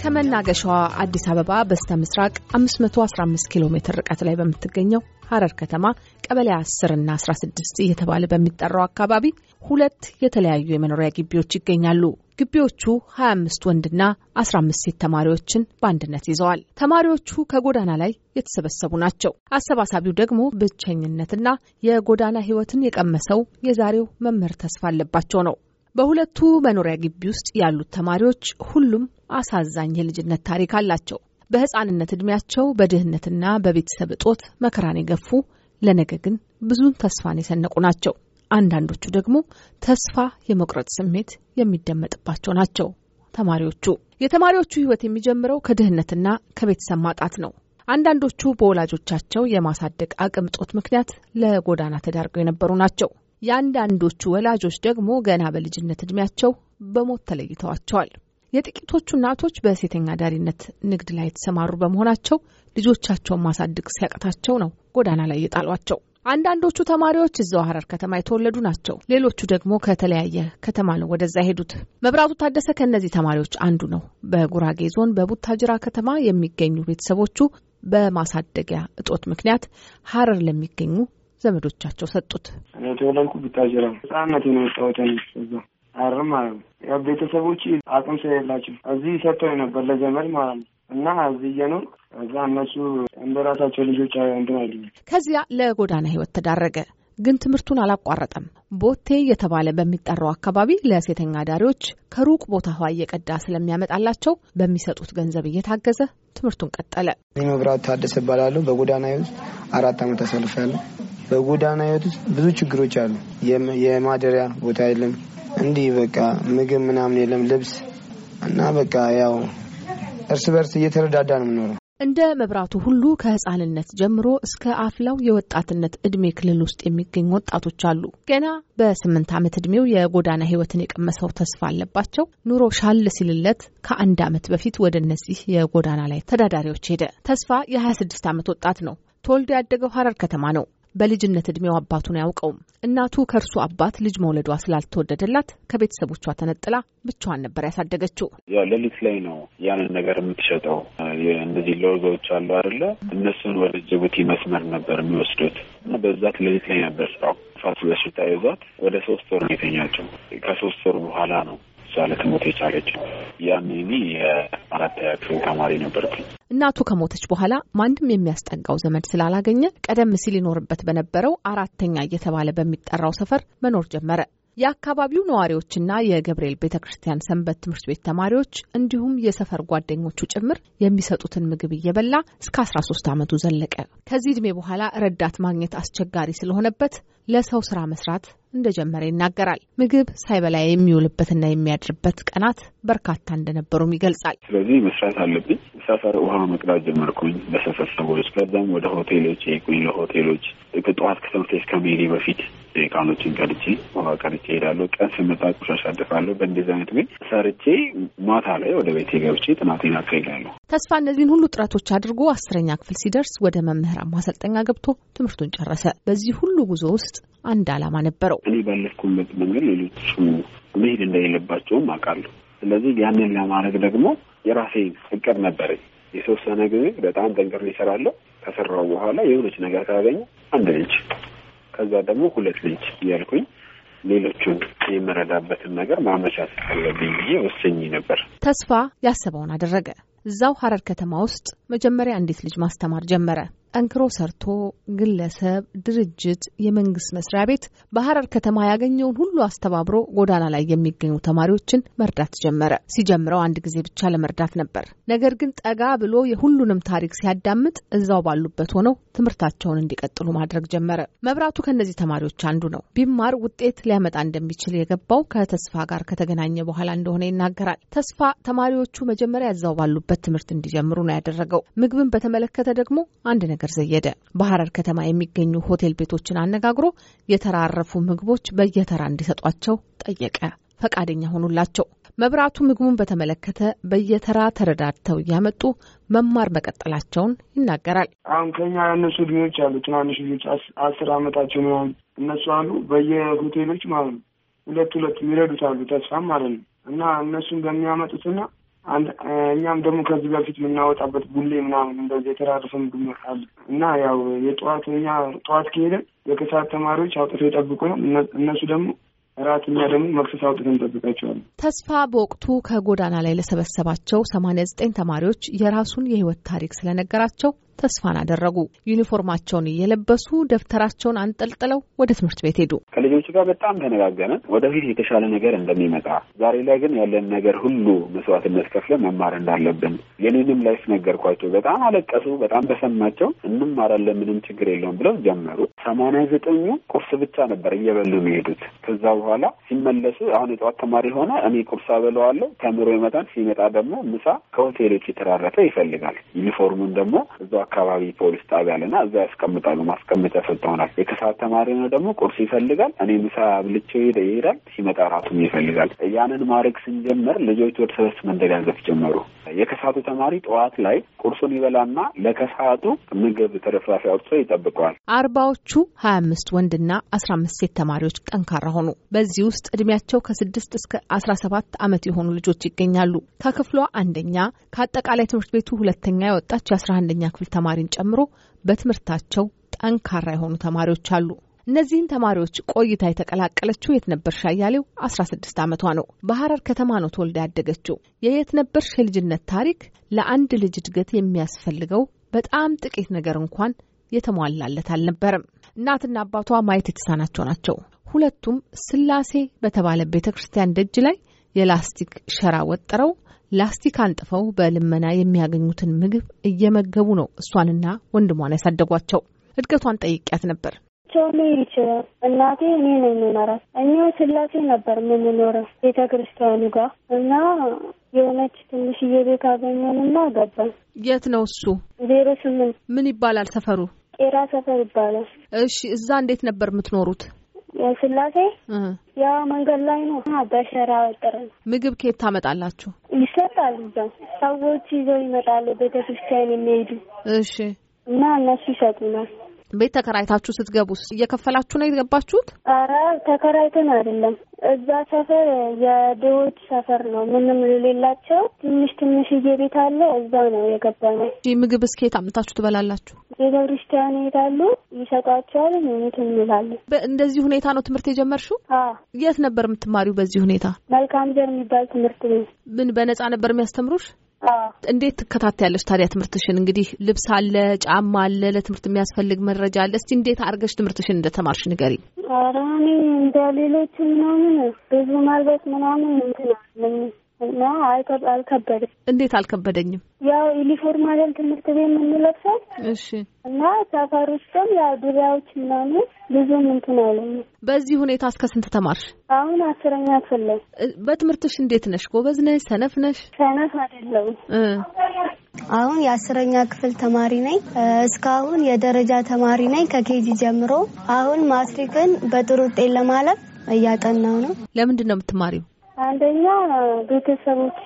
ከመናገሻዋ አዲስ አበባ በስተ ምስራቅ 515 ኪሎ ሜትር ርቀት ላይ በምትገኘው ሀረር ከተማ ቀበሌ 10 እና 16 እየተባለ በሚጠራው አካባቢ ሁለት የተለያዩ የመኖሪያ ግቢዎች ይገኛሉ። ግቢዎቹ 25 ወንድና 15 ሴት ተማሪዎችን በአንድነት ይዘዋል። ተማሪዎቹ ከጎዳና ላይ የተሰበሰቡ ናቸው። አሰባሳቢው ደግሞ ብቸኝነትና የጎዳና ሕይወትን የቀመሰው የዛሬው መምህር ተስፋ አለባቸው ነው። በሁለቱ መኖሪያ ግቢ ውስጥ ያሉት ተማሪዎች ሁሉም አሳዛኝ የልጅነት ታሪክ አላቸው። በሕፃንነት ዕድሜያቸው በድህነትና በቤተሰብ እጦት መከራን የገፉ ለነገ ግን ብዙን ተስፋን የሰነቁ ናቸው። አንዳንዶቹ ደግሞ ተስፋ የመቁረጥ ስሜት የሚደመጥባቸው ናቸው። ተማሪዎቹ የተማሪዎቹ ህይወት የሚጀምረው ከድህነትና ከቤተሰብ ማጣት ነው። አንዳንዶቹ በወላጆቻቸው የማሳደግ አቅም ጦት ምክንያት ለጎዳና ተዳርገው የነበሩ ናቸው። የአንዳንዶቹ ወላጆች ደግሞ ገና በልጅነት እድሜያቸው በሞት ተለይተዋቸዋል። የጥቂቶቹ እናቶች በሴተኛ ዳሪነት ንግድ ላይ የተሰማሩ በመሆናቸው ልጆቻቸውን ማሳደግ ሲያቅታቸው ነው ጎዳና ላይ የጣሏቸው። አንዳንዶቹ ተማሪዎች እዛው ሀረር ከተማ የተወለዱ ናቸው። ሌሎቹ ደግሞ ከተለያየ ከተማ ነው ወደዛ የሄዱት። መብራቱ ታደሰ ከእነዚህ ተማሪዎች አንዱ ነው። በጉራጌ ዞን በቡታጅራ ከተማ የሚገኙ ቤተሰቦቹ በማሳደጊያ እጦት ምክንያት ሀረር ለሚገኙ ዘመዶቻቸው ሰጡት። እኔ የተወለድኩ ቡታጅራ ነው። ህጻንነት ነው የወጣሁት እዛ ሀረር ማለት ነው። ቤተሰቦች አቅም ስለሌላቸው እዚህ ሰጥተው ነበር ለዘመድ ማለት ነው እና እዚህ እየኖር እዛ እነሱ እንደ ራሳቸው ልጆች እንትን አይሉኝ። ከዚያ ለጎዳና ህይወት ተዳረገ። ግን ትምህርቱን አላቋረጠም። ቦቴ የተባለ በሚጠራው አካባቢ ለሴተኛ አዳሪዎች ከሩቅ ቦታ ውሃ እየቀዳ ስለሚያመጣላቸው በሚሰጡት ገንዘብ እየታገዘ ትምህርቱን ቀጠለ። መብራት ታደሰ ይባላሉ። በጎዳና ህይወት አራት ዓመት አሳልፌያለሁ። በጎዳና ህይወት ውስጥ ብዙ ችግሮች አሉ። የማደሪያ ቦታ የለም፣ እንዲህ በቃ ምግብ ምናምን የለም፣ ልብስ እና በቃ ያው እርስ በርስ እየተረዳዳ ነው የምኖረው። እንደ መብራቱ ሁሉ ከህፃንነት ጀምሮ እስከ አፍላው የወጣትነት እድሜ ክልል ውስጥ የሚገኙ ወጣቶች አሉ። ገና በስምንት ዓመት እድሜው የጎዳና ህይወትን የቀመሰው ተስፋ አለባቸው ኑሮ ሻል ሲልለት ከአንድ ዓመት በፊት ወደ እነዚህ የጎዳና ላይ ተዳዳሪዎች ሄደ። ተስፋ የ26 ዓመት ወጣት ነው። ተወልዶ ያደገው ሀረር ከተማ ነው። በልጅነት እድሜው አባቱን አያውቀውም። እናቱ ከእርሱ አባት ልጅ መውለዷ ስላልተወደደላት ከቤተሰቦቿ ተነጥላ ብቻዋን ነበር ያሳደገችው። ሌሊት ላይ ነው ያንን ነገር የምትሸጠው። እንደዚህ ሎጎዎች አሉ አይደለ? እነሱን ወደ ጅቡቲ መስመር ነበር የሚወስዱት እና በዛት ሌሊት ላይ ነበር ስራው። ፋስ ይዟት ወደ ሶስት ወር ነው የተኛቸው። ከሶስት ወር በኋላ ነው ደሳለ ትሞቴች የቻለች ያኔ እኔ የአራተኛ ክፍል ተማሪ ነበርኩኝ። እናቱ ከሞተች በኋላ ማንም የሚያስጠጋው ዘመድ ስላላገኘ ቀደም ሲል ይኖርበት በነበረው አራተኛ እየተባለ በሚጠራው ሰፈር መኖር ጀመረ። የአካባቢው ነዋሪዎችና የገብርኤል ቤተ ክርስቲያን ሰንበት ትምህርት ቤት ተማሪዎች እንዲሁም የሰፈር ጓደኞቹ ጭምር የሚሰጡትን ምግብ እየበላ እስከ 13 ዓመቱ ዘለቀ። ከዚህ ዕድሜ በኋላ ረዳት ማግኘት አስቸጋሪ ስለሆነበት ለሰው ስራ መስራት እንደጀመረ ይናገራል። ምግብ ሳይበላ የሚውልበትና የሚያድርበት ቀናት በርካታ እንደነበሩም ይገልጻል። ስለዚህ መስራት አለብኝ። ሰፈር ውሃ መቅዳት ጀመርኩኝ ለሰፈር ሰዎች። ከዛም ወደ ሆቴሎች ሄድኩኝ። ለሆቴሎች ጠዋት ከትምህርት ከመሄዴ በፊት ቃኖችን ቀድቼ ውሃ ቀድቼ ሄዳለሁ። ቀን ስመጣ ቆሻሻ አድፋለሁ። በእንደዚህ አይነት ግን ሰርቼ ማታ ላይ ወደ ቤቴ ገብቼ ጥናቴን አካሂዳለሁ። ተስፋ እነዚህን ሁሉ ጥረቶች አድርጎ አስረኛ ክፍል ሲደርስ ወደ መምህራን ማሰልጠኛ ገብቶ ትምህርቱን ጨረሰ። በዚህ ሁሉ ጉዞ ውስጥ ውስጥ አንድ አላማ ነበረው። እኔ ባለፍኩበት መንገድ ሌሎቹ መሄድ እንደሌለባቸውም አውቃለሁ። ስለዚህ ያንን ለማድረግ ደግሞ የራሴ እቅድ ነበረኝ። የተወሰነ ጊዜ በጣም ጠንቅር ይሰራለሁ። ከሰራው በኋላ የሆነች ነገር ካገኘ አንድ ልጅ፣ ከዛ ደግሞ ሁለት ልጅ እያልኩኝ ሌሎቹን የምረዳበትን ነገር ማመቻ አለብኝ ብዬ ወሰኝ ነበር። ተስፋ ያሰበውን አደረገ። እዛው ሀረር ከተማ ውስጥ መጀመሪያ እንዴት ልጅ ማስተማር ጀመረ። ጠንክሮ ሰርቶ ግለሰብ፣ ድርጅት፣ የመንግስት መስሪያ ቤት በሀረር ከተማ ያገኘውን ሁሉ አስተባብሮ ጎዳና ላይ የሚገኙ ተማሪዎችን መርዳት ጀመረ። ሲጀምረው አንድ ጊዜ ብቻ ለመርዳት ነበር። ነገር ግን ጠጋ ብሎ የሁሉንም ታሪክ ሲያዳምጥ እዛው ባሉበት ሆነው ትምህርታቸውን እንዲቀጥሉ ማድረግ ጀመረ። መብራቱ ከእነዚህ ተማሪዎች አንዱ ነው። ቢማር ውጤት ሊያመጣ እንደሚችል የገባው ከተስፋ ጋር ከተገናኘ በኋላ እንደሆነ ይናገራል። ተስፋ ተማሪዎቹ መጀመሪያ እዛው ባሉበት ባሉበት ትምህርት እንዲጀምሩ ነው ያደረገው። ምግብን በተመለከተ ደግሞ አንድ ነገር ዘየደ። በሐረር ከተማ የሚገኙ ሆቴል ቤቶችን አነጋግሮ የተራረፉ ምግቦች በየተራ እንዲሰጧቸው ጠየቀ። ፈቃደኛ ሆኑላቸው። መብራቱ ምግቡን በተመለከተ በየተራ ተረዳድተው እያመጡ መማር መቀጠላቸውን ይናገራል። አሁን ከኛ ያነሱ ልጆች አሉ፣ ትናንሽ ልጆች አስር አመታቸው ምናምን እነሱ አሉ። በየሆቴሎች ማለት ነው ሁለት ሁለት የሚረዱት አሉ፣ ተስፋም ማለት ነው እና እነሱን በሚያመጡትና እኛም ደግሞ ከዚህ በፊት የምናወጣበት ቡሌ ምናምን እንደዚህ የተራረፈ ምግብ እና ያው የጠዋት እኛ ጠዋት ከሄደን የከሰዓት ተማሪዎች አውጥተው ነው እነሱ ደግሞ እራት እኛ ደግሞ መክሰስ አውጥተን እንጠብቃቸዋለን። ተስፋ በወቅቱ ከጎዳና ላይ ለሰበሰባቸው ሰማንያ ዘጠኝ ተማሪዎች የራሱን የህይወት ታሪክ ስለነገራቸው ተስፋን አደረጉ። ዩኒፎርማቸውን እየለበሱ ደብተራቸውን አንጠልጥለው ወደ ትምህርት ቤት ሄዱ። ከልጆቹ ጋር በጣም ተነጋገርን። ወደፊት የተሻለ ነገር እንደሚመጣ፣ ዛሬ ላይ ግን ያለን ነገር ሁሉ መስዋዕትነት ከፍለ መማር እንዳለብን የኔንም ላይፍ ነገርኳቸው። በጣም አለቀሱ። በጣም በሰማቸው እንማራለን፣ ምንም ችግር የለውም ብለው ጀመሩ። ሰማንያ ዘጠኙ ቁርስ ብቻ ነበር እየበሉ የሚሄዱት። ከዛ በኋላ ሲመለሱ አሁን የጠዋት ተማሪ ሆነ እኔ ቁርስ አበለዋለሁ ተምሮ ይመጣል። ሲመጣ ደግሞ ምሳ ከሆቴሎች የተራረፈ ይፈልጋል። ዩኒፎርሙን ደግሞ እዛ አካባቢ ፖሊስ ጣቢያ አለና እዛ ያስቀምጣሉ። ማስቀመጫ ሰጠውናል። የከሰዓት ተማሪ ነው ደግሞ ቁርስ ይፈልጋል። እኔ ምሳ ብልቸው ሄደ ይሄዳል። ሲመጣ ራቱም ይፈልጋል። ያንን ማድረግ ስንጀምር ልጆች ወደ ሰበስ መንደጋገፍ ጀመሩ። የከሰዓቱ ተማሪ ጠዋት ላይ ቁርሱን ይበላና ለከሰዓቱ ምግብ ተረፍራፊ አውጥቶ ይጠብቀዋል። አርባዎቹ ሀያ አምስት ወንድና አስራ አምስት ሴት ተማሪዎች ጠንካራ ሆኑ። በዚህ ውስጥ እድሜያቸው ከስድስት እስከ አስራ ሰባት አመት የሆኑ ልጆች ይገኛሉ። ከክፍሏ አንደኛ ከአጠቃላይ ትምህርት ቤቱ ሁለተኛ የወጣች የአስራ አንደኛ ክፍል ተማሪን ጨምሮ በትምህርታቸው ጠንካራ የሆኑ ተማሪዎች አሉ። እነዚህን ተማሪዎች ቆይታ የተቀላቀለችው የትነበርሽ አያሌው 16 ዓመቷ ነው። በሐረር ከተማ ነው ተወልዳ ያደገችው። የየትነበርሽ የልጅነት ታሪክ ለአንድ ልጅ እድገት የሚያስፈልገው በጣም ጥቂት ነገር እንኳን የተሟላለት አልነበረም። እናትና አባቷ ማየት የተሳናቸው ናቸው። ሁለቱም ስላሴ በተባለ ቤተ ክርስቲያን ደጅ ላይ የላስቲክ ሸራ ወጥረው ላስቲክ አንጥፈው በልመና የሚያገኙትን ምግብ እየመገቡ ነው እሷንና ወንድሟን ያሳደጓቸው። እድገቷን ጠይቂያት ነበር። ቸውሌ ይችላል እናቴ እኔ ነው የምመራት። እኛው ስላሴ ነበር የምንኖረው ቤተ ክርስቲያኑ ጋር እና የሆነች ትንሽዬ ቤት አገኘንና ገባን። የት ነው እሱ? ዜሮ ስምንት ምን ይባላል ሰፈሩ? ቄራ ሰፈር ይባላል። እሺ እዛ እንዴት ነበር የምትኖሩት? ስላሴ ያ መንገድ ላይ ነው። በሸራ ወጥረን ምግብ ከየት ታመጣላችሁ? ይሰጣል እዛው ሰዎች ይዘው ይመጣሉ፣ ቤተክርስቲያን የሚሄዱ እሺ። እና እነሱ ይሰጡናል። ቤት ተከራይታችሁ ስትገቡስ እየከፈላችሁ ነው የገባችሁት? አረ ተከራይተን አይደለም። እዛ ሰፈር የድሆች ሰፈር ነው፣ ምንም የሌላቸው ትንሽ ትንሽዬ ቤት አለ። እዛ ነው የገባነው። ምግብ እስከ የት አምታችሁ ትበላላችሁ? ቤተ ክርስቲያን ይሄዳሉ፣ ይሰጧቸዋል። ምት እንላለን። እንደዚህ ሁኔታ ነው ትምህርት የጀመርሽው? የት ነበር የምትማሪው? በዚህ ሁኔታ መልካም ዘር የሚባል ትምህርት ቤት። ምን በነጻ ነበር የሚያስተምሩሽ? እንዴት ትከታተያለሽ ታዲያ ትምህርትሽን? እንግዲህ ልብስ አለ፣ ጫማ አለ፣ ለትምህርት የሚያስፈልግ መረጃ አለ። እስቲ እንዴት አድርገሽ ትምህርትሽን እንደተማርሽ ንገሪ። ኧረ እኔ እንደ ሌሎች ምናምን ብዙ መልበስ ምናምን እንትን አልከበድም። እንዴት አልከበደኝም? ያው ዩኒፎርም አይደል ትምህርት ቤት የምንለብሰው። እሺ። እና ሰፈር ውስጥም ያው ዱሪያዎች ምናምን ብዙም እንትን አለኝ። በዚህ ሁኔታ እስከ ስንት ተማርሽ? አሁን አስረኛ ክፍል በትምህርትሽ እንዴት ነሽ? ጎበዝ ነሽ? ሰነፍ ነሽ? ሰነፍ አይደለሁም። አሁን የአስረኛ ክፍል ተማሪ ነኝ። እስካሁን የደረጃ ተማሪ ነኝ ከኬጂ ጀምሮ። አሁን ማትሪክን በጥሩ ውጤት ለማለፍ እያጠናው ነው። ለምንድን ነው የምትማሪው? አንደኛ ቤተሰቦች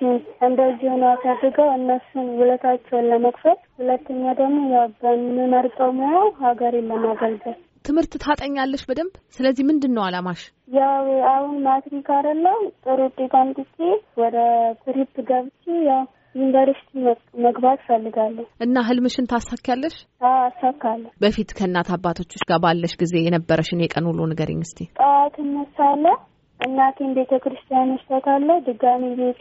እንደዚህ ሆነ አሳድገው እነሱን ውለታቸውን ለመክፈል፣ ሁለተኛ ደግሞ ያው በምመርጠው ሙያ ሀገሬን ለማገልገል። ትምህርት ታጠኛለሽ በደንብ። ስለዚህ ምንድን ነው አላማሽ? ያው አሁን ማትሪክ አይደለም ጥሩ ውጤት አምጥቼ ወደ ትሪፕ ገብቼ ያው ዩኒቨርሲቲ መግባት ፈልጋለሁ። እና ህልምሽን ታሳኪያለሽ? አሳካለሁ። በፊት ከእናት አባቶችሽ ጋር ባለሽ ጊዜ የነበረሽን የቀን ውሎ ንገሪኝ እስቲ። ጠዋት እነሳለሁ እናቴን ቤተ ክርስቲያን ወስዳታለሁ። ድጋሚ ቤት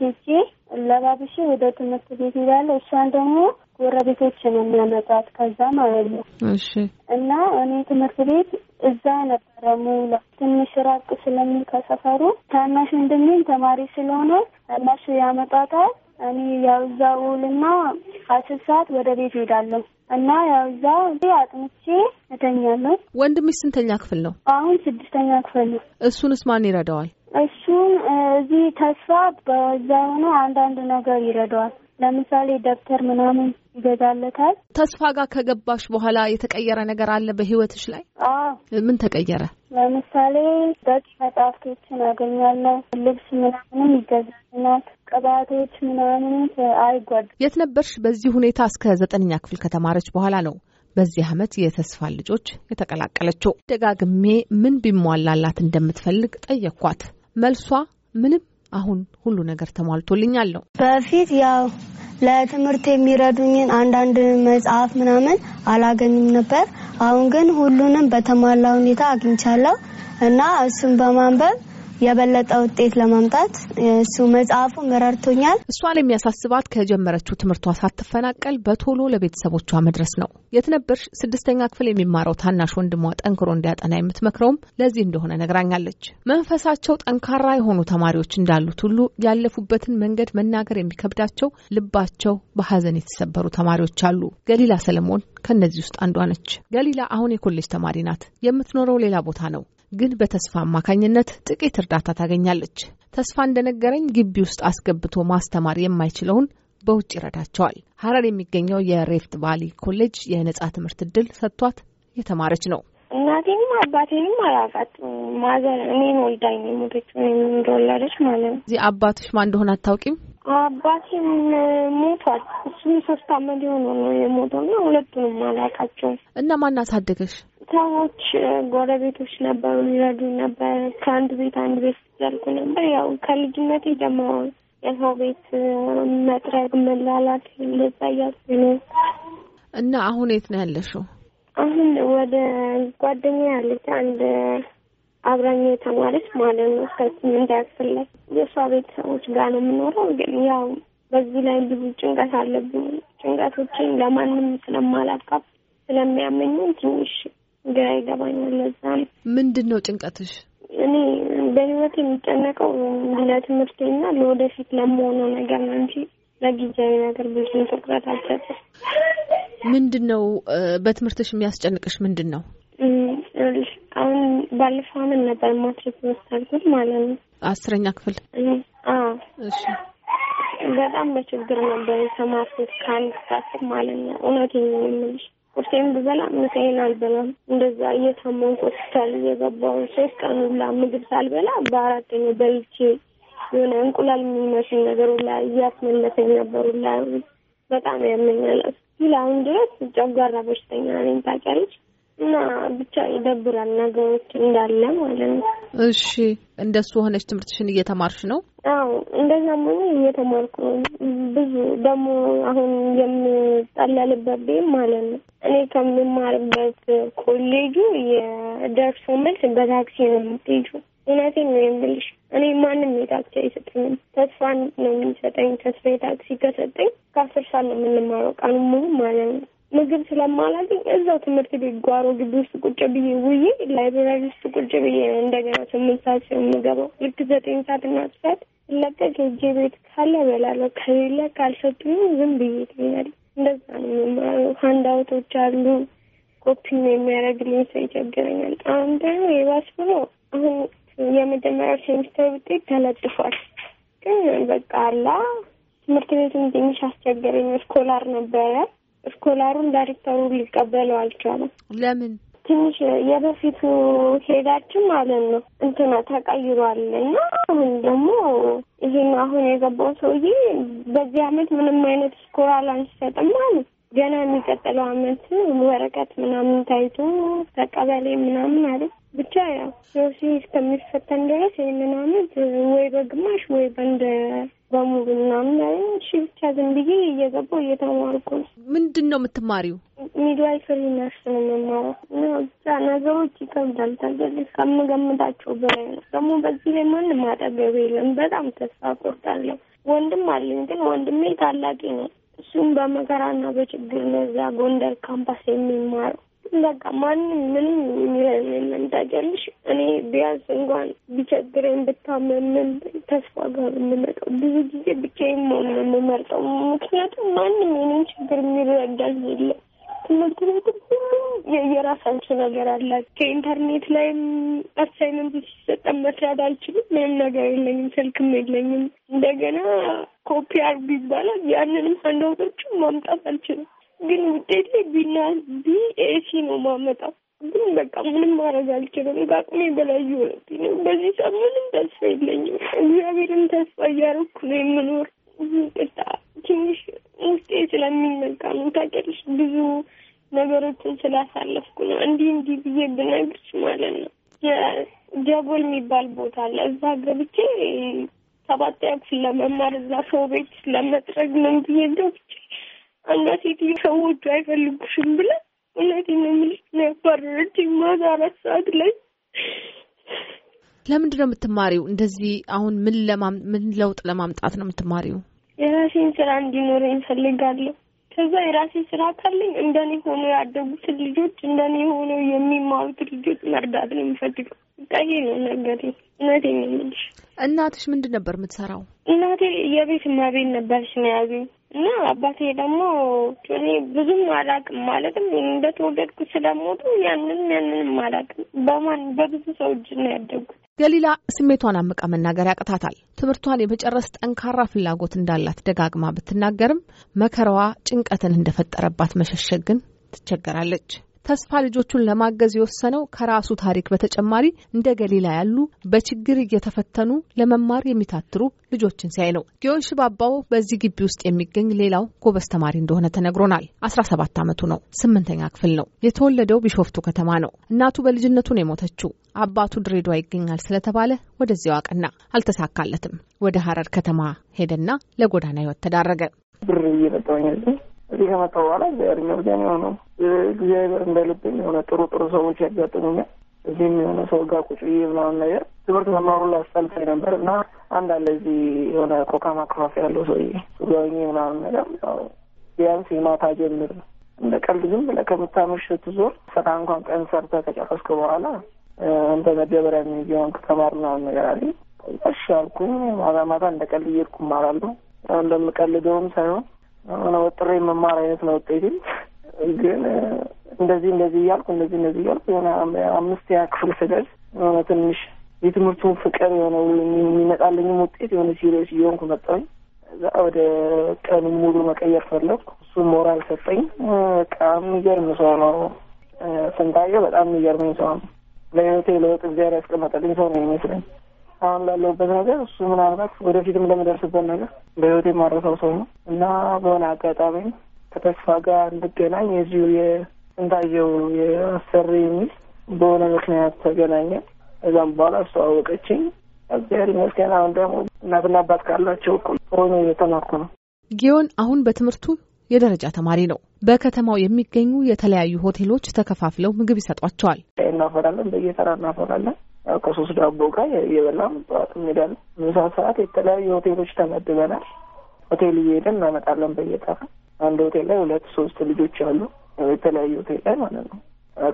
ለባብሽ ወደ ትምህርት ቤት ይላል። እሷን ደግሞ ጎረቤቶች ነው የሚያመጣት ከዛ ማለት ነው። እሺ እና እኔ ትምህርት ቤት እዛ ነበረ ሙላ ትንሽ ራቅ ስለሚል ከሰፈሩ ታናሽ ወንድሜም ተማሪ ስለሆነ ታናሽ ያመጣታል እኔ ያው እዛው ውልና አስር ሰዓት ወደ ቤት ሄዳለሁ እና ያው እዛው አጥንቼ እተኛለሁ። ወንድምሽ ስንተኛ ክፍል ነው? አሁን ስድስተኛ ክፍል ነው። እሱንስ ማን ይረዳዋል? እሱን እዚህ ተስፋ በዛ ሆኖ አንዳንድ ነገር ይረዳዋል። ለምሳሌ ደብተር ምናምን ይገዛለታል። ተስፋ ጋር ከገባሽ በኋላ የተቀየረ ነገር አለ በህይወትሽ ላይ? አዎ። ምን ተቀየረ? ለምሳሌ በቂ መጽሐፍቶችን አገኛለሁ። ልብስ ምናምንም ይገዛልናል። ቅባቶች ምናምን አይጓድ። የት ነበርሽ? በዚህ ሁኔታ እስከ ዘጠነኛ ክፍል ከተማረች በኋላ ነው በዚህ ዓመት የተስፋ ልጆች የተቀላቀለችው። ደጋግሜ ምን ቢሟላላት እንደምትፈልግ ጠየኳት። መልሷ ምንም አሁን ሁሉ ነገር ተሟልቶልኛለሁ። በፊት ያው ለትምህርት የሚረዱኝን አንዳንድ መጽሐፍ ምናምን አላገኝም ነበር። አሁን ግን ሁሉንም በተሟላ ሁኔታ አግኝቻለሁ እና እሱን በማንበብ የበለጠ ውጤት ለማምጣት እሱ መጽሐፉን ረድቶኛል። እሷን የሚያሳስባት ከጀመረችው ትምህርቷ ሳትፈናቀል በቶሎ ለቤተሰቦቿ መድረስ ነው። የትነበርሽ ስድስተኛ ክፍል የሚማረው ታናሽ ወንድሟ ጠንክሮ እንዲያጠና የምትመክረውም ለዚህ እንደሆነ ነግራኛለች። መንፈሳቸው ጠንካራ የሆኑ ተማሪዎች እንዳሉት ሁሉ ያለፉበትን መንገድ መናገር የሚከብዳቸው ልባቸው በሀዘን የተሰበሩ ተማሪዎች አሉ። ገሊላ ሰለሞን ከእነዚህ ውስጥ አንዷ ነች። ገሊላ አሁን የኮሌጅ ተማሪ ናት። የምትኖረው ሌላ ቦታ ነው። ግን በተስፋ አማካኝነት ጥቂት እርዳታ ታገኛለች። ተስፋ እንደነገረኝ ግቢ ውስጥ አስገብቶ ማስተማር የማይችለውን በውጭ ይረዳቸዋል። ሀረር የሚገኘው የሬፍት ቫሊ ኮሌጅ የነጻ ትምህርት እድል ሰጥቷት የተማረች ነው። እናቴንም አባቴንም አላውቃት ማዘር እኔን ወልዳኝ ሞቶች እንደወለደች ማለት ነው። እዚህ አባቶች ማን እንደሆነ አታውቂም? አባቴም ሞቷል። እሱም ሶስት አመት የሆነ ነው የሞተው እና ሁለቱንም አላውቃቸውም። እና ማን አሳደገሽ? ሰዎች ጎረቤቶች ነበሩ፣ ሊረዱኝ ነበር። ከአንድ ቤት አንድ ቤት ስትዘልቁ ነበር። ያው ከልጅነቴ ደግሞ የሰው ቤት መጥረግ፣ መላላት እንደዛ እያልኩ ነው። እና አሁን የት ነው ያለሽው? አሁን ወደ ጓደኛ ያለች አንድ አብራኛ የተማረች ማለት ነው ከስምንት ያክፍለት የእሷ ቤተሰቦች ጋር ነው የምኖረው። ግን ያው በዚህ ላይ ብዙ ጭንቀት አለብኝ። ጭንቀቶችን ለማንም ስለማላካፍ ስለሚያመኝም ትንሽ ግራ ይገባኛል። ለዛ ምንድን ነው ጭንቀትሽ? እኔ በህይወት የሚጨነቀው ለትምህርቴና ለወደፊት ለመሆነው ነገር ነው እንጂ ለጊዜያዊ ነገር ብዙ ትኩረት አልሰጥም። ምንድን ነው በትምህርትሽ የሚያስጨንቅሽ? ምንድን ነው አሁን ባለፈው አመት ነበር ማትሪክ መስታልኩት ማለት ነው አስረኛ ክፍል እሺ በጣም በችግር ነበር የተማርኩት ከአንድ ሳስብ ማለት ነው እውነት ነው የምልሽ ቁርሴን ብበላ ምሳዬን አልበላም። እንደዛ እየታመንኩ ሆስፒታል እየገባሁ ሶስት ቀን ሁላ ምግብ ሳልበላ በአራተኛው በልቼ የሆነ እንቁላል የሚመስል ነገር ሁላ እያስመለሰኝ ነበር ሁላ በጣም ያመኛል። ስቲል አሁን ድረስ ጨጓራ በሽተኛ ነኝ ታውቂያለሽ። እና ብቻ ይደብራል ነገሮች እንዳለ ማለት ነው። እሺ እንደሱ ሆነች ትምህርትሽን እየተማርሽ ነው? አዎ እንደዛም ሆኖ እየተማርኩ ብዙ ደግሞ አሁን የምጠለልበት ቤት ማለት ነው። እኔ ከምማርበት ኮሌጁ የደርሶ መልስ በታክሲ ነው የምትሄጂው። እውነቴን ነው የምልሽ። እኔ ማንም የታክሲ አይሰጠኝም። ተስፋ ነው የሚሰጠኝ። ተስፋ የታክሲ ከሰጠኝ ከአስር ሰዓት ነው የምንማረው ቀኑን ሙሉ ማለት ነው። ምግብ ስለማላገኝ እዛው ትምህርት ቤት ጓሮ ግቢ ውስጥ ቁጭ ብዬ ውዬ ላይብራሪ ውስጥ ቁጭ ብዬ ነው እንደገና ስምንት ሰዓት ሲሆን የምገባው። ልክ ዘጠኝ ሰዓት እና ሰዓት ስለቀቅ እጄ ቤት ካለ እበላለሁ፣ ከሌለ ካልሰጡኝ ዝም ብዬ ትኛል። እንደዛ ነው የምማረው። ሀንዳውቶች አሉ ኮፒ ነው የሚያደርግልኝ ሰው ይቸግረኛል። አሁን ደግሞ የባስ ብሎ አሁን የመጀመሪያው ሴሚስተር ውጤት ተለጥፏል። ግን በቃ አላ ትምህርት ቤቱን ትንሽ አስቸገረኝ። ስኮላር ነበረ ስኮላሩን ዳይሬክተሩ ሊቀበለው አልቻለም። ለምን? ትንሽ የበፊቱ ሄዳችን ማለት ነው እንትና ተቀይሯል እና አሁን ደግሞ ይሄን አሁን የገባው ሰውዬ በዚህ አመት ምንም አይነት ስኮላር አንሰጥም ማለት ገና የሚቀጥለው አመት ወረቀት ምናምን ታይቶ ተቀበሌ ምናምን አለ። ብቻ ያው ሲ እስከሚፈተን ድረስ ይህንን አመት ወይ በግማሽ ወይ በእንደ በሙሉ ምናምን ያለ እሺ፣ ብቻ ዝም ብዬ እየገባሁ እየተማርኩ ነው። ምንድን ነው የምትማሪው? ሚድዋይፈሪ ነርስ ነው የምማረው። ብቻ ነገሮች ይከብዳል ታውቂያለሽ፣ ከምገምታቸው በላይ ነው። ደግሞ በዚህ ላይ ማንም አጠገብ የለም። በጣም ተስፋ ቆርጣለሁ። ወንድም አለኝ፣ ግን ወንድሜ ታላቂ ነው። እሱም በመከራና በችግር ነው እዛ ጎንደር ካምፓስ የሚማረው በቃ ማንም ምንም የሚለን ታውቂያለሽ። እኔ ቢያንስ እንኳን ቢቸግረኝ ብታመምን ተስፋ ጋር የምመጣው ብዙ ጊዜ ብቻዬን መሆን ነው የምመርጠው። ምክንያቱም ማንም የኔን ችግር የሚረዳኝ የለም። ትምህርት ቤትም ሁሉም የየራሳቸው ነገር አላቸው። ከኢንተርኔት ላይም አሳይመንት ሲሰጠን መስራት አልችልም። ምንም ነገር የለኝም፣ ስልክም የለኝም። እንደገና ኮፒ አርጉ ይባላል። ያንንም አንዳውቶቹ ማምጣት አልችልም። ግን ውጤቴ ቢና ቢ ኤሲ ነው ማመጣው። ግን በቃ ምንም ማድረግ አልችልም። ከአቅሜ በላይ የሆነብኝ ነው። በዚህ ሰ ምንም ተስፋ የለኝም። እግዚአብሔርን ተስፋ እያደረኩ ነው የምኖር። ቅጣ ትንሽ ውስጤ ስለሚነቃ ነው። ታውቂያለሽ ብዙ ነገሮችን ስላሳለፍኩ ነው እንዲህ እንዲህ ብዬ ብነግርሽ ማለት ነው። ጀጎል የሚባል ቦታ አለ። እዛ ገብቼ ሰባተኛ ክፍል ለመማር እዛ ሰው ቤት ለመጥረግ ነው ብዬ ገብቼ አንዳ ሴትዮ ሰዎቹ አይፈልጉሽም ብላ እውነቴን ነው የምልሽ ያባረረችኝ ማታ አራት ሰዓት ላይ። ለምንድን ነው የምትማሪው? እንደዚህ አሁን ምን ለማም ምን ለውጥ ለማምጣት ነው የምትማሪው? የራሴን ስራ እንዲኖረኝ እንፈልጋለሁ። ከዛ የራሴ ስራ ካለኝ እንደኔ ሆኖ ያደጉትን ልጆች እንደኔ ሆኖ የሚማሩት ልጆች መርዳት ነው የምፈልገው። በቃ ይሄ ነው ነገሬ። እውነቴን ነው የምልሽ። እናትሽ ምንድን ነበር የምትሰራው? እናቴ የቤት እመቤት ነበርሽ ነው ያሉኝ። እና አባቴ ደግሞ እኔ ብዙም አላውቅም፣ ማለትም እንደተወለድኩ ስለሞቱ ያንንም ያንንም አላውቅም። በማን በብዙ ሰው እጅ ነው ያደጉት። ገሊላ ስሜቷን አምቃ መናገር ያቅታታል። ትምህርቷን የመጨረስ ጠንካራ ፍላጎት እንዳላት ደጋግማ ብትናገርም መከራዋ ጭንቀትን እንደፈጠረባት መሸሸግ ግን ትቸገራለች። ተስፋ ልጆቹን ለማገዝ የወሰነው ከራሱ ታሪክ በተጨማሪ እንደ ገሊላ ያሉ በችግር እየተፈተኑ ለመማር የሚታትሩ ልጆችን ሲያይ ነው። ጊዮን ሽባባው በዚህ ግቢ ውስጥ የሚገኝ ሌላው ጎበዝ ተማሪ እንደሆነ ተነግሮናል። አስራ ሰባት ዓመቱ ነው። ስምንተኛ ክፍል ነው። የተወለደው ቢሾፍቱ ከተማ ነው። እናቱ በልጅነቱ ነው የሞተችው። አባቱ ድሬዳዋ ይገኛል ስለተባለ ወደዚያው አቀና። አልተሳካለትም። ወደ ሀረር ከተማ ሄደና ለጎዳና ህይወት ተዳረገ። ብር እየመጣኝ እዚህ ከመጣ በኋላ እግዚአብሔር ኛ የሆነው እግዚአብሔር እንደልብኝ የሆነ ጥሩ ጥሩ ሰዎች ያጋጥሙኛል። እዚህም የሆነ ሰው ጋር ቁጭ ብዬ ምናምን ነገር ትምህርት መማሩን ላስጠልታኝ ነበር እና አንድ አለ እዚህ የሆነ ኮካ ማከፋፍ ያለው ሰውዬ ሱጋኝ ምናምን ነገር ቢያንስ የማታ ጀምር እንደ ቀልድ ዝም ብለህ ከምታመሽ ስትዞር ፈታ እንኳን ቀን ሰርተህ ከጨረስክ በኋላ እንደ መደበሪያ የሚሆን ከተማር ምናምን ነገር አለኝ። እሺ አልኩኝ። ማታ ማታ እንደ ቀልድ እየሄድኩ እማራለሁ። እንደምቀልደውም ሳይሆን ሆነ ወጥሬ መማር አይነት ነው ውጤቴ። ግን እንደዚህ እንደዚህ እያልኩ እንደዚህ እንደዚህ እያልኩ የሆነ አምስት ያ ክፍል ስደርስ የሆነ ትንሽ የትምህርቱን ፍቅር የሆነ የሚመጣልኝም ውጤት የሆነ ሲሪየስ እየሆንኩ መጣሁኝ። እዛ ወደ ቀኑ ሙሉ መቀየር ፈለኩ። እሱ ሞራል ሰጠኝ። በቃ የሚገርም ሰው ነው ስንታየው፣ በጣም የሚገርመኝ ሰው ነው። ለህይወቴ ለውጥ እግዚአብሔር ያስቀመጠልኝ ሰው ነው ይመስለኝ። አሁን ላለሁበት ነገር እሱ ምናልባት ወደፊትም ለምደርስበት ነገር በህይወት የማረሰው ሰው ነው እና በሆነ አጋጣሚ ከተስፋ ጋር እንድገናኝ የዚሁ የጥንታየው የአሰሪ የሚል በሆነ ምክንያት ተገናኘ። እዛም በኋላ አስተዋወቀችኝ። እግዚአብሔር ይመስገን። አሁን ደግሞ እናትና አባት ካላቸው እኩል ሆኖ እየተማርኩ ነው። ጊዮን አሁን በትምህርቱ የደረጃ ተማሪ ነው። በከተማው የሚገኙ የተለያዩ ሆቴሎች ተከፋፍለው ምግብ ይሰጧቸዋል። እናፈራለን፣ በየተራ እናፈራለን። ከሶስት ዳቦ ጋር የበላም ጠዋት ሄዳለ። ምሳ ሰዓት የተለያዩ ሆቴሎች ተመድበናል። ሆቴል እየሄደን እናመጣለን በየጠራ አንድ ሆቴል ላይ ሁለት ሶስት ልጆች አሉ። የተለያዩ ሆቴል ላይ ማለት ነው።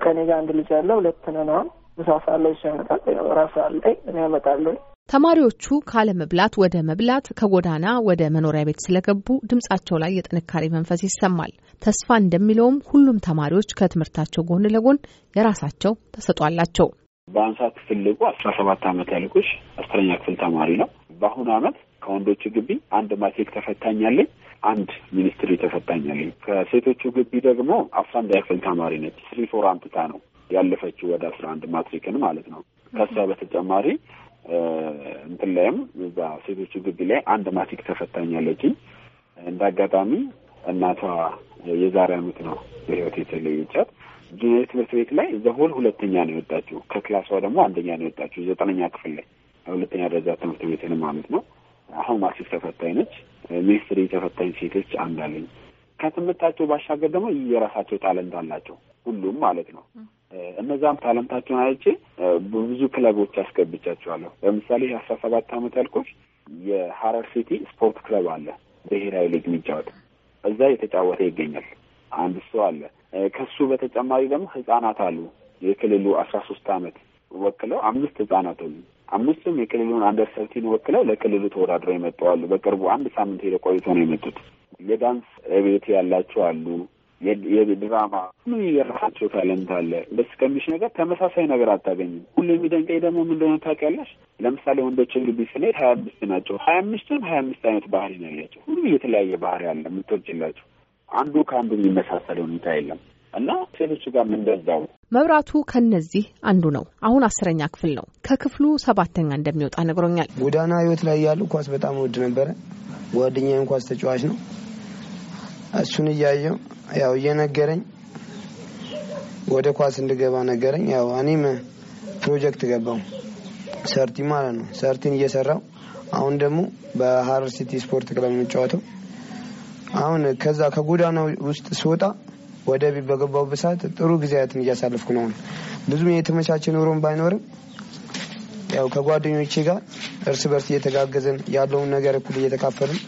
ከኔ ጋር አንድ ልጅ ያለ ሁለት ነን። አሁን ምሳ ሰዓት ላይ እሱ ያመጣል፣ እራት ሰዓት ላይ እኔ ያመጣለሁ። ተማሪዎቹ ካለመብላት ወደ መብላት ከጎዳና ወደ መኖሪያ ቤት ስለገቡ ድምጻቸው ላይ የጥንካሬ መንፈስ ይሰማል። ተስፋ እንደሚለውም ሁሉም ተማሪዎች ከትምህርታቸው ጎን ለጎን የራሳቸው ተሰጧላቸው። በአንሳት ትልቁ አስራ ሰባት አመት ያልኩሽ አስረኛ ክፍል ተማሪ ነው። በአሁኑ አመት ከወንዶቹ ግቢ አንድ ማትሪክ ተፈታኛለኝ፣ አንድ ሚኒስትሪ ተፈታኛለኝ። ከሴቶቹ ግቢ ደግሞ አስራ አንድ ክፍል ተማሪ ነች። ስሪ ፎር አምጥታ ነው ያለፈችው ወደ አስራ አንድ ማትሪክን ማለት ነው። ከዛ በተጨማሪ እንትን ላይም እዛ ሴቶቹ ግቢ ላይ አንድ ማትሪክ ተፈታኝ እንደ አጋጣሚ እናቷ የዛሬ አመት ነው በህይወት የተለየቻት ትምህርት ቤት ላይ ዘሆል ሁለተኛ ነው የወጣችው። ከክላሷ ደግሞ አንደኛ ነው የወጣችው ዘጠነኛ ክፍል ላይ ሁለተኛ ደረጃ ትምህርት ቤትን ማለት ነው። አሁን ማርክሲስ ተፈታኝ ነች። ሚኒስትሪ ተፈታኝ ሴቶች አንዳለኝ ከትምህርታቸው ባሻገር ደግሞ የራሳቸው ታለንት አላቸው ሁሉም ማለት ነው። እነዛም ታለንታቸውን አይቼ ብዙ ክለቦች አስገብቻቸዋለሁ። ለምሳሌ የአስራ ሰባት አመት ያልኮች የሀረር ሲቲ ስፖርት ክለብ አለ ብሔራዊ ሊግ የሚጫወት እዛ የተጫወተ ይገኛል። አንድ ሰው አለ ከሱ በተጨማሪ ደግሞ ህጻናት አሉ። የክልሉ አስራ ሶስት አመት ወክለው አምስት ህጻናት አሉ። አምስቱም የክልሉን አንደር ሰርቲን ወክለው ለክልሉ ተወዳድረው ይመጠዋሉ። በቅርቡ አንድ ሳምንት ሄደ ቆይቶ ነው የመጡት። የዳንስ ቤት ያላቸው አሉ። የድራማ ሁሉ የራሳቸው ታለንት አለ። ደስ ከሚልሽ ነገር ተመሳሳይ ነገር አታገኝም። ሁሉ የሚደንቀኝ ደግሞ ምን እንደሆነ ታውቂያለሽ? ለምሳሌ ወንዶች እንግዲህ ስንሄድ ሀያ አምስት ናቸው። ሀያ አምስቱም ሀያ አምስት አይነት ባህሪ ነው ያላቸው። ሁሉ የተለያየ ባህሪ አለ የምትወርጅላቸው አንዱ ከአንዱ የሚመሳሰል ሁኔታ የለም እና ሴቶቹ ጋር ምንደዛው መብራቱ ከነዚህ አንዱ ነው። አሁን አስረኛ ክፍል ነው። ከክፍሉ ሰባተኛ እንደሚወጣ ነግሮኛል። ጎዳና ህይወት ላይ ያሉ ኳስ በጣም ውድ ነበረ። ጓደኛዬም ኳስ ተጫዋች ነው። እሱን እያየው ያው እየነገረኝ ወደ ኳስ እንድገባ ነገረኝ። ያው እኔም ፕሮጀክት ገባው ሰርቲ ማለት ነው። ሰርቲን እየሰራው አሁን ደግሞ በሀረር ሲቲ ስፖርት ክለብ የምጫወተው አሁን ከዛ ከጎዳና ውስጥ ስወጣ ወደ ቤት በገባው ብሳት ጥሩ ጊዜያትን እያሳለፍኩ ነው። ብዙም የተመቻቸ ኑሮም ባይኖርም ያው ከጓደኞቼ ጋር እርስ በርስ እየተጋገዘን ያለውን ነገር እኩል እየተካፈልን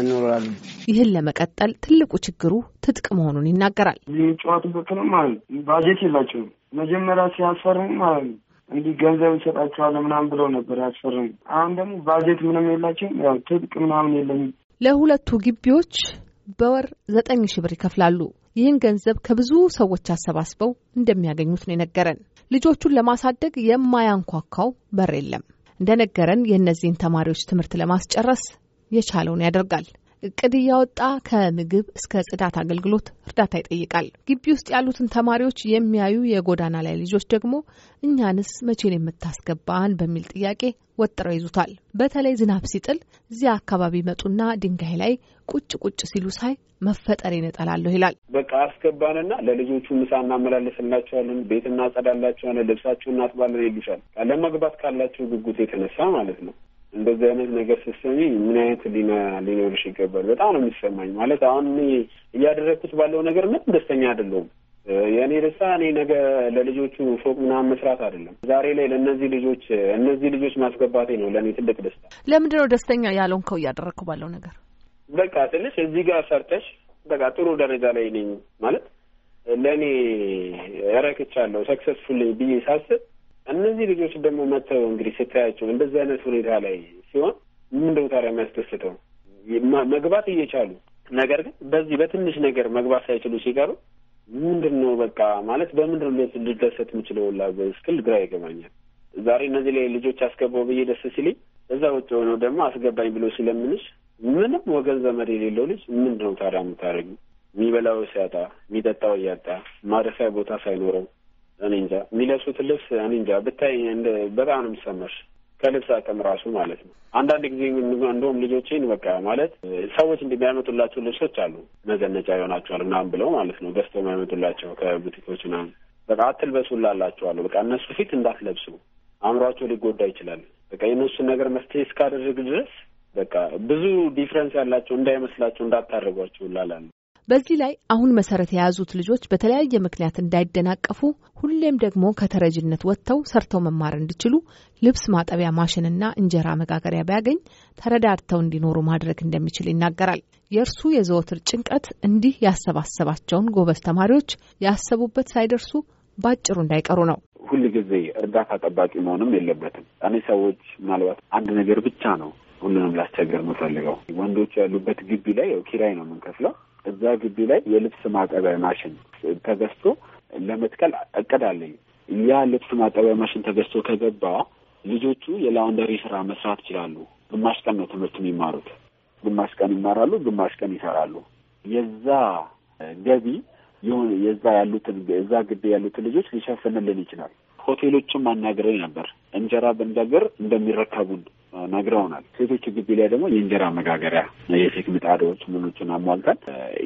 እንኖራለን። ይህን ለመቀጠል ትልቁ ችግሩ ትጥቅ መሆኑን ይናገራል። የሚጫወቱበትንም ማለት ባጀት የላቸውም። መጀመሪያ ሲያስፈርሙ ማለት ነው እንዲህ ገንዘብ እንሰጣቸዋለን ምናምን ብለው ነበር ያስፈርሙ። አሁን ደግሞ ባጀት ምንም የላቸውም። ያው ትጥቅ ምናምን የለም ለሁለቱ ግቢዎች በወር ዘጠኝ ሺ ብር ይከፍላሉ። ይህን ገንዘብ ከብዙ ሰዎች አሰባስበው እንደሚያገኙት ነው የነገረን። ልጆቹን ለማሳደግ የማያንኳኳው በር የለም እንደነገረን የእነዚህን ተማሪዎች ትምህርት ለማስጨረስ የቻለውን ያደርጋል። እቅድ እያወጣ ከምግብ እስከ ጽዳት አገልግሎት እርዳታ ይጠይቃል። ግቢ ውስጥ ያሉትን ተማሪዎች የሚያዩ የጎዳና ላይ ልጆች ደግሞ እኛንስ መቼን የምታስገባን በሚል ጥያቄ ወጥረው ይዙታል። በተለይ ዝናብ ሲጥል እዚያ አካባቢ መጡና ድንጋይ ላይ ቁጭ ቁጭ ሲሉ ሳይ መፈጠር ይነጠላለሁ ይላል። በቃ አስገባንና ለልጆቹ ምሳ እናመላለስላቸዋለን፣ ቤት እናጸዳላቸዋለን፣ ልብሳቸው እናጥባለን ይሉሻል። ለመግባት ካላቸው ጉጉት የተነሳ ማለት ነው። እንደዚህ አይነት ነገር ስትሰሚ ምን አይነት ሊና ሊኖርሽ ይገባል? በጣም ነው የሚሰማኝ። ማለት አሁን እያደረግኩት ባለው ነገር ምን ደስተኛ አይደለሁም። የእኔ ደስታ እኔ ነገ ለልጆቹ ፎቅ ምናምን መስራት አይደለም፣ ዛሬ ላይ ለእነዚህ ልጆች እነዚህ ልጆች ማስገባቴ ነው ለእኔ ትልቅ ደስታ። ለምንድን ነው ደስተኛ ያልሆንከው እያደረግኩ ባለው ነገር? በቃ ትንሽ እዚህ ጋር ሰርተሽ በቃ ጥሩ ደረጃ ላይ ነኝ ማለት ለእኔ እረክቻለሁ ሰክሰስፉል ብዬ ሳስብ እነዚህ ልጆች ደግሞ መጥተው እንግዲህ ስታያቸው እንደዚህ አይነት ሁኔታ ላይ ሲሆን ምንድነው ታዲያ የሚያስደስተው? መግባት እየቻሉ ነገር ግን በዚህ በትንሽ ነገር መግባት ሳይችሉ ሲቀሩ ምንድን ነው በቃ ማለት በምንድን ነው ልደሰት የምችለው ላ ስክል ግራ ይገባኛል። ዛሬ እነዚህ ላይ ልጆች አስገባው ብዬ ደስ ሲልኝ እዛ ውጭ ሆነው ደግሞ አስገባኝ ብሎ ሲለምንሽ ምንም ወገን ዘመድ የሌለው ልጅ ምንድን ነው ታዲያ የምታደርጊው? የሚበላው ሲያጣ፣ የሚጠጣው እያጣ፣ ማረፊያ ቦታ ሳይኖረው እኔ እንጃ የሚለብሱትን ልብስ እኔ እንጃ ብታይ እንደ በጣም ነው የሚሰማሽ ከልብስ አቅም ራሱ ማለት ነው። አንዳንድ ጊዜ እንደውም ልጆቼን በቃ ማለት ሰዎች እንዲ የሚያመጡላቸው ልብሶች አሉ መዘነጫ ይሆናቸዋል ምናምን ብለው ማለት ነው ገዝተው የሚያመጡላቸው ከቡቲኮች ምናምን በቃ አትልበሱላላቸዋሉ። በቃ እነሱ ፊት እንዳትለብሱ አእምሯቸው ሊጎዳ ይችላል። በቃ የእነሱን ነገር መፍትሄ እስካደርግ ድረስ በቃ ብዙ ዲፍረንስ ያላቸው እንዳይመስላቸው እንዳታደርጓቸው ላላሉ በዚህ ላይ አሁን መሰረት የያዙት ልጆች በተለያየ ምክንያት እንዳይደናቀፉ ሁሌም ደግሞ ከተረጅነት ወጥተው ሰርተው መማር እንዲችሉ ልብስ ማጠቢያ ማሽንና እንጀራ መጋገሪያ ቢያገኝ ተረዳድተው እንዲኖሩ ማድረግ እንደሚችል ይናገራል። የእርሱ የዘወትር ጭንቀት እንዲህ ያሰባሰባቸውን ጎበዝ ተማሪዎች ያሰቡበት ሳይደርሱ ባጭሩ እንዳይቀሩ ነው። ሁል ጊዜ እርዳታ ጠባቂ መሆንም የለበትም። እኔ ሰዎች ምናልባት አንድ ነገር ብቻ ነው ሁሉንም ላስቸገር የምፈልገው። ወንዶች ያሉበት ግቢ ላይ ያው ኪራይ ነው የምንከፍለው። እዛ ግቢ ላይ የልብስ ማጠቢያ ማሽን ተገዝቶ ለመትከል እቅድ ያ ልብስ ማጠቢያ ማሽን ተገዝቶ ከገባ ልጆቹ የላውንደሪ ስራ መስራት ይችላሉ። ግማሽ ቀን ነው ትምህርት የሚማሩት፣ ግማሽ ቀን ይማራሉ፣ ግማሽ ቀን ይሰራሉ። የዛ ገቢ የሆነ የዛ ያሉትን እዛ ግቢ ያሉትን ልጆች ሊሸፍንልን ይችላል። ሆቴሎችም አናግረኝ ነበር እንጀራ ብንጋግር እንደሚረከቡን ነግረውናል። ሴቶች ግቢ ላይ ደግሞ የእንጀራ መጋገሪያ የኬክ ምጣዶች ምኖቹን አሟልተን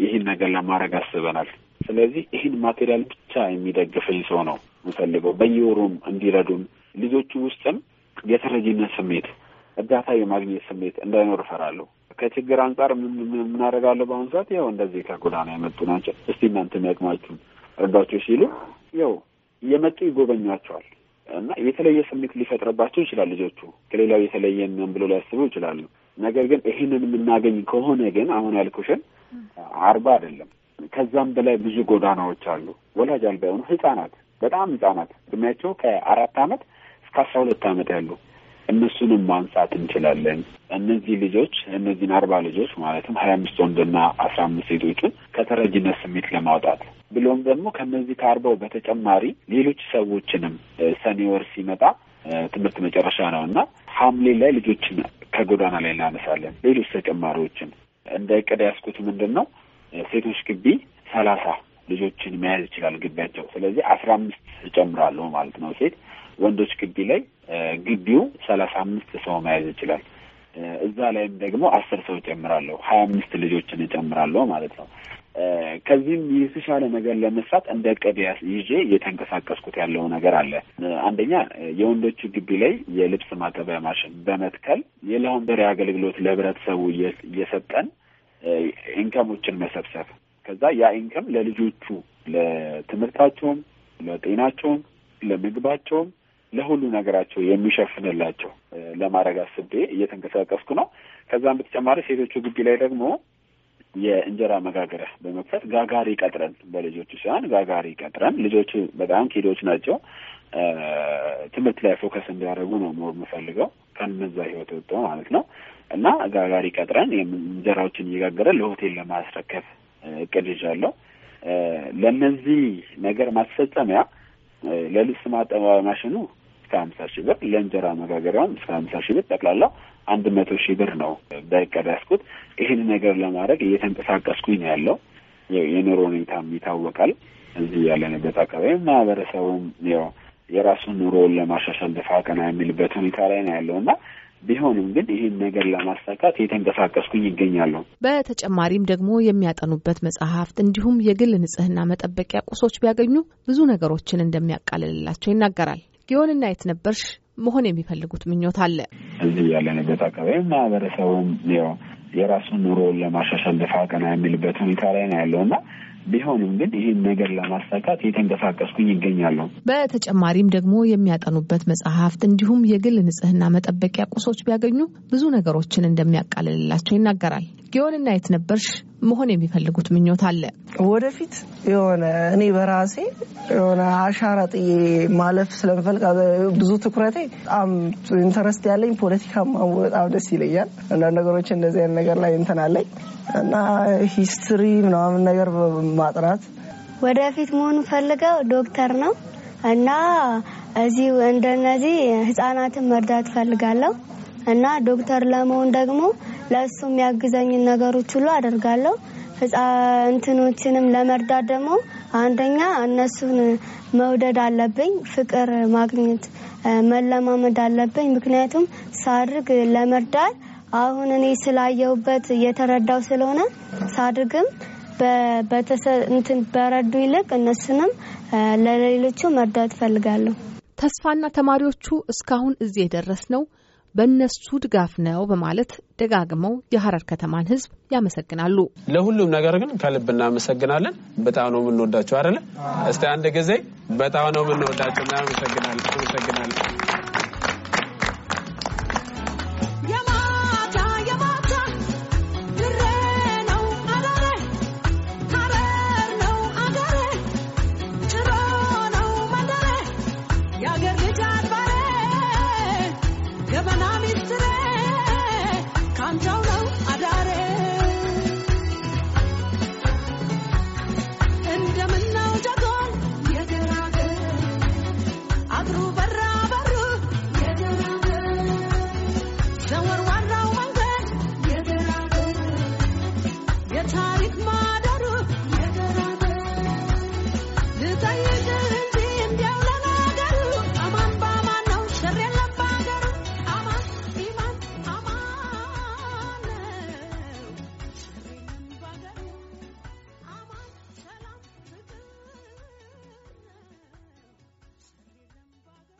ይህን ነገር ለማድረግ አስበናል። ስለዚህ ይህን ማቴሪያል ብቻ የሚደግፈኝ ሰው ነው የምፈልገው። በየወሩም እንዲረዱን ልጆቹ ውስጥም የተረጂነት ስሜት እርዳታ የማግኘት ስሜት እንዳይኖር እፈራለሁ። ከችግር አንጻር የምናደርጋለሁ። በአሁኑ ሰዓት ያው እንደዚህ ከጎዳና የመጡ ናቸው። እስቲ እናንተ ያቅማችሁን እርዳቸው ሲሉ ያው የመጡ ይጎበኟቸዋል። እና የተለየ ስሜት ሊፈጥርባቸው ይችላል። ልጆቹ ከሌላው የተለየ ነን ብሎ ሊያስቡ ይችላሉ። ነገር ግን ይህንን የምናገኝ ከሆነ ግን አሁን ያልኩሽን አርባ አይደለም ከዛም በላይ ብዙ ጎዳናዎች አሉ። ወላጅ አልባ የሆኑ ህጻናት፣ በጣም ህጻናት እድሜያቸው ከአራት አመት እስከ አስራ ሁለት አመት ያሉ እነሱንም ማንሳት እንችላለን። እነዚህ ልጆች እነዚህን አርባ ልጆች ማለትም ሀያ አምስት ወንድና አስራ አምስት ሴቶችን ከተረጅነት ስሜት ለማውጣት ብሎም ደግሞ ከነዚህ ከአርባው በተጨማሪ ሌሎች ሰዎችንም ሰኔ ወር ሲመጣ ትምህርት መጨረሻ ነው እና ሐምሌ ላይ ልጆችን ከጎዳና ላይ እናነሳለን። ሌሎች ተጨማሪዎችን እንደ እቅድ ያስኩት ምንድን ነው ሴቶች ግቢ ሰላሳ ልጆችን መያዝ ይችላል ግቢያቸው። ስለዚህ አስራ አምስት እጨምራለሁ ማለት ነው ሴት ወንዶች ግቢ ላይ ግቢው ሰላሳ አምስት ሰው መያዝ ይችላል። እዛ ላይም ደግሞ አስር ሰው እጨምራለሁ፣ ሀያ አምስት ልጆችን እጨምራለሁ ማለት ነው። ከዚህም የተሻለ ነገር ለመስራት እንደ እቅድ ይዤ እየተንቀሳቀስኩት ያለው ነገር አለ። አንደኛ የወንዶቹ ግቢ ላይ የልብስ ማጠቢያ ማሽን በመትከል የላውንደሪ አገልግሎት ለህብረተሰቡ እየሰጠን ኢንከሞችን መሰብሰብ፣ ከዛ ያ ኢንከም ለልጆቹ ለትምህርታቸውም፣ ለጤናቸውም፣ ለምግባቸውም ለሁሉ ነገራቸው የሚሸፍንላቸው ለማድረግ አስቤ እየተንቀሳቀስኩ ነው። ከዛም በተጨማሪ ሴቶቹ ግቢ ላይ ደግሞ የእንጀራ መጋገሪያ በመክፈት ጋጋሪ ቀጥረን በልጆቹ ሳይሆን ጋጋሪ ቀጥረን ልጆቹ በጣም ኪዶች ናቸው። ትምህርት ላይ ፎከስ እንዲያደርጉ ነው ሞር የምፈልገው ከነዛ ህይወት ወጥቶ ማለት ነው። እና ጋጋሪ ቀጥረን እንጀራዎችን እየጋገረን ለሆቴል ለማስረከብ እቅድ ይዣለሁ። ለእነዚህ ነገር ማስፈጸሚያ ለልብስ ማጠቢያ ማሽኑ እስከ ሀምሳ ሺህ ብር ለእንጀራ መጋገሪያውም እስከ ሀምሳ ሺህ ብር ጠቅላላ አንድ መቶ ሺህ ብር ነው በእቅድ ያስኩት። ይህን ነገር ለማድረግ እየተንቀሳቀስኩኝ ነው ያለው። የኑሮ ሁኔታም ይታወቃል። እዚህ ያለንበት አካባቢ ማህበረሰቡም ያው የራሱን ኑሮውን ለማሻሻል ደፋ ቀና የሚልበት ሁኔታ ላይ ነው ያለው እና ቢሆንም ግን ይህን ነገር ለማሳካት የተንቀሳቀስኩኝ ይገኛሉ። በተጨማሪም ደግሞ የሚያጠኑበት መጽሐፍት እንዲሁም የግል ንጽህና መጠበቂያ ቁሶች ቢያገኙ ብዙ ነገሮችን እንደሚያቃልልላቸው ይናገራል። ጊዮንና የተነበርሽ መሆን የሚፈልጉት ምኞት አለ። እዚህ ያለንበት አካባቢ ማህበረሰቡም ያው የራሱን ኑሮውን ለማሻሻል ደፋ ቀና የሚልበት ሁኔታ ላይ ነው ያለው እና ቢሆንም ግን ይህን ነገር ለማሳካት የተንቀሳቀስኩኝ ይገኛሉ። በተጨማሪም ደግሞ የሚያጠኑበት መጽሐፍት እንዲሁም የግል ንጽህና መጠበቂያ ቁሶች ቢያገኙ ብዙ ነገሮችን እንደሚያቃልልላቸው ይናገራል። ጊዮንና የትነበርሽ መሆን የሚፈልጉት ምኞት አለ? ወደፊት የሆነ እኔ በራሴ የሆነ አሻራ ጥዬ ማለፍ ስለምፈልግ ብዙ ትኩረቴ በጣም ኢንተረስት ያለኝ ፖለቲካ በጣም ደስ ይለኛል። አንዳንድ ነገሮች እንደዚህ አይነት ነገር ላይ እንትን አለኝ እና ሂስትሪ ምናምን ነገር ማጥናት ወደፊት መሆን ፈልገው ዶክተር ነው እና እዚህ እንደነዚህ ህጻናትን መርዳት ፈልጋለሁ እና ዶክተር ለመሆን ደግሞ ለእሱ የሚያግዘኝን ነገሮች ሁሉ አደርጋለሁ። እንትኖችንም ለመርዳት ደግሞ አንደኛ እነሱን መውደድ አለብኝ፣ ፍቅር ማግኘት መለማመድ አለብኝ። ምክንያቱም ሳድርግ ለመርዳት አሁን እኔ ስላየሁበት የተረዳው ስለሆነ ሳድርግም በረዱ ይልቅ እነሱንም ለሌሎቹ መርዳት እፈልጋለሁ። ተስፋና ተማሪዎቹ እስካሁን እዚህ ነው። በእነሱ ድጋፍ ነው በማለት ደጋግመው የሀረር ከተማን ህዝብ ያመሰግናሉ። ለሁሉም ነገር ግን ከልብ እናመሰግናለን። በጣም ነው የምንወዳቸው አይደለ? እስቲ አንድ ጊዜ በጣም ነው የምንወዳቸው እናመሰግናለን።